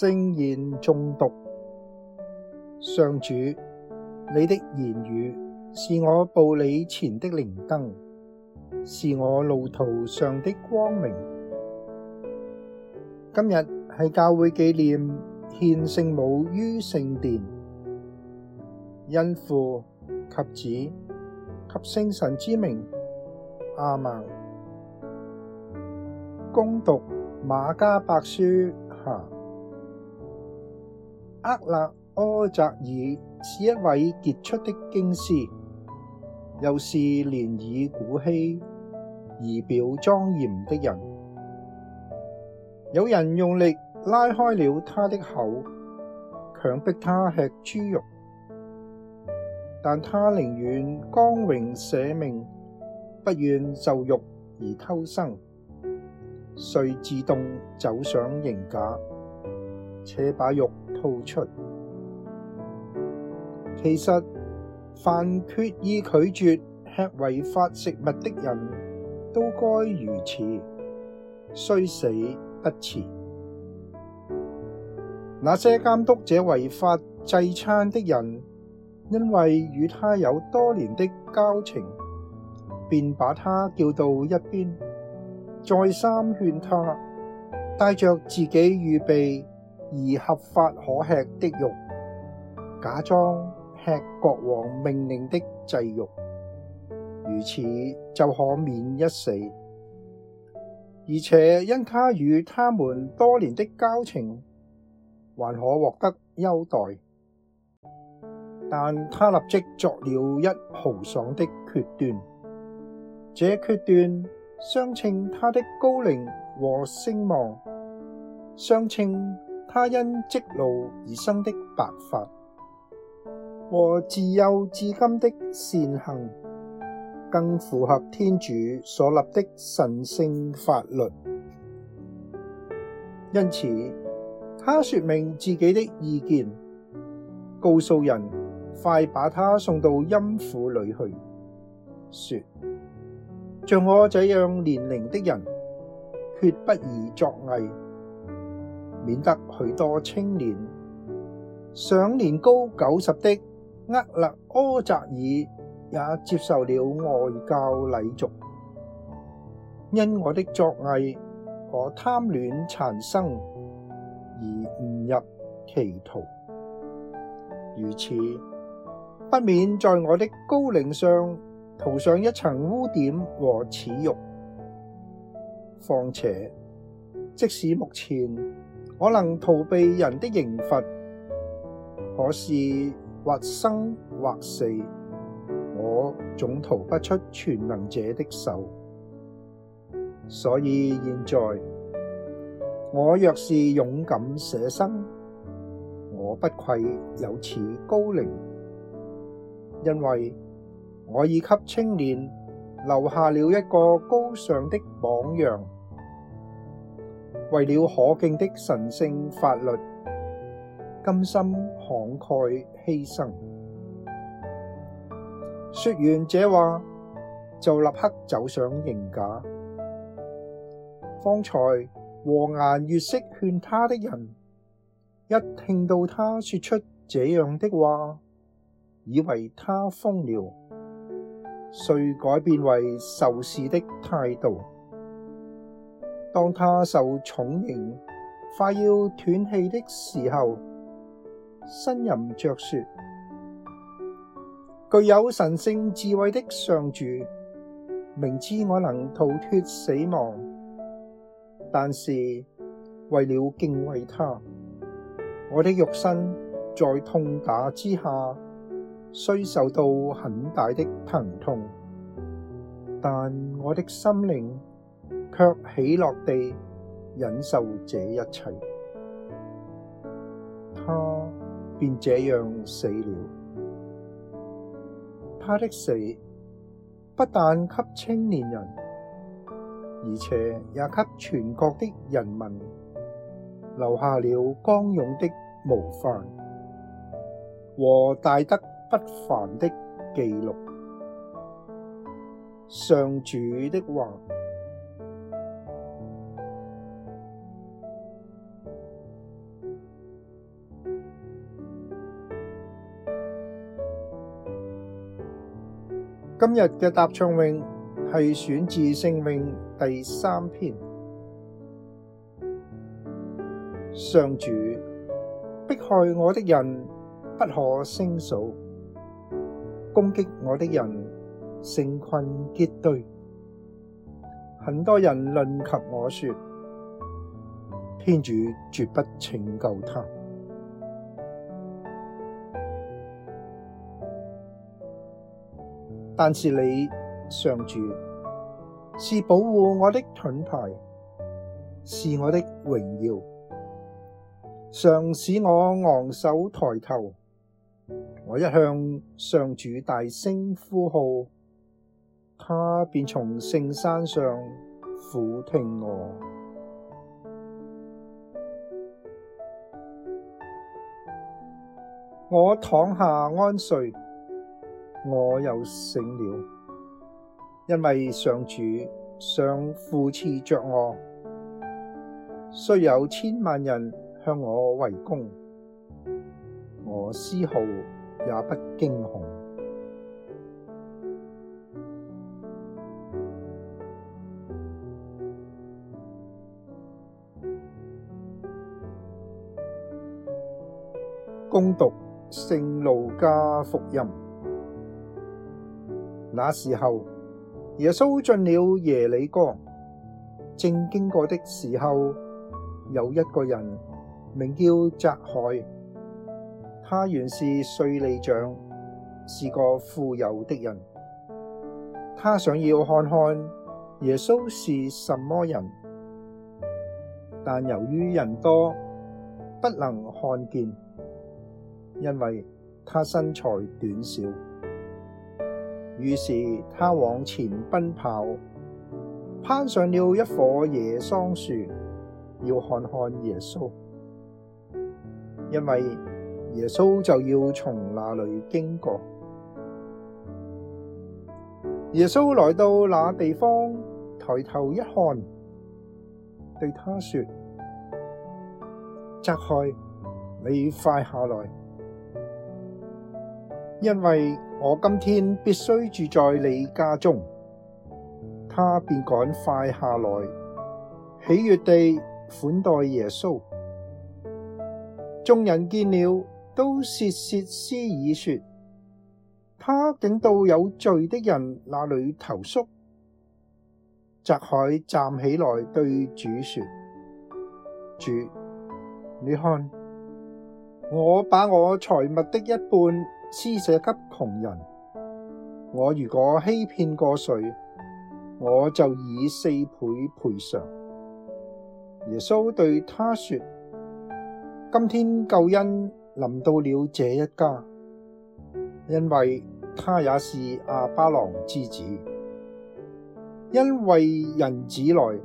聖言誦讀。上主，你的言語是我步履前的靈燈，是我路途上的光明。今日係教會紀念獻聖母於聖殿，因父及子及聖神之名，阿門。恭讀瑪加伯書下。哈厄肋阿匝爾是一位傑出的經師，又是年已古稀儀表莊嚴的人。有人用力拉開了他的口，強迫他吃豬肉，但他寧願光榮捨命，不願受辱而偷生，遂自動走上刑架。且把肉吐出。其實凡決意拒絕吃違法食物的人都該如此，雖死不辭。那些監督這違法祭餐的人，因為與他有多年的交情，便把他叫到一邊，再三勸他，帶着自己預備。而合法可吃的肉，假裝吃國王命令的祭肉，如此就可免一死。而且因他與他們多年的交情，還可獲得優待。但他立即作了一豪爽的決斷，這決斷相稱他的高齡和聲望，相稱。他因積勞而生的白髮，和自幼至今的善行，更符合天主所立的神聖法律。因此，他說明自己的意見，告訴人快把他送到陰府裏去，說：像我這樣年齡的人，決不宜作偽。免得許多青年，想年高九十的厄肋阿匝爾也接受了外教禮俗。因我的作偽和貪戀殘生，而誤入歧途，如此，不免在我的高齡上塗上一層污點和恥辱。況且，即使目前。我能逃避人的刑罰，可是或生或死，我總逃不出全能者的手。所以現在，我若是勇敢捨生，我不愧有此高齡，因為我已給青年留下了一個高尚的榜樣。為了可敬的神聖法律，甘心慷慨犧牲。說完這話，就立刻走上刑架。方才和顏悅色勸他的人，一聽到他說出這樣的話，以為他瘋了，遂改變為仇視的態度。當他受重刑，快要斷氣的時候，呻吟着說，具有神聖智慧的上主，明知我能逃脱死亡，但是為了敬畏他，我的肉身在痛打之下，雖受到很大的疼痛，但我的心靈，卻喜樂地忍受這一切，他便這樣死了。他的死，不但給青年人，而且也給全國的人民，留下了剛勇的模範和大德不凡的記錄。上主的話。今日嘅答唱詠係選自聖詠第三篇，上主，迫害我的人不可勝數，攻擊我的人成群結隊，很多人論及我說，天主絕不拯救他。但是你上主，是保護我的盾牌，是我的榮耀，常使我昂首抬頭。我一向上主大聲呼號，他便從聖山上俯聽我。我躺下安睡。我又醒了，因為上主常扶持着我，雖有千萬人向我圍攻，我絲毫也不驚恐。恭 讀《聖路加福音》。那時候，耶穌進了耶里哥，正經過的時候，有一個人名叫匝凱。他原是稅吏長，是個富有的人，他想要看看耶穌是什麼人，但由於人多，不能看見，因為他身材短小。於是他往前奔跑，攀上了一棵野桑樹，要看看耶穌，因為耶穌就要從那裏經過。耶穌來到那地方，抬頭一看，對他說：匝凱，你快下來，因為。我今天必須住在你家中，他便趕快下來，喜悅地款待耶穌。眾人見了，都竊竊私議，說：他竟到有罪的人那裏投宿。匝凱站起來對主說：主，你看，我把我財物的一半。施捨給窮人。我如果欺騙過誰，我就以四倍賠償。耶穌對他說：今天救恩臨到了這一家，因為他也是阿巴郎之子。因為人子來，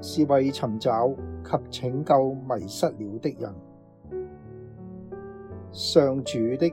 是為尋找及拯救迷失了的人。上主的。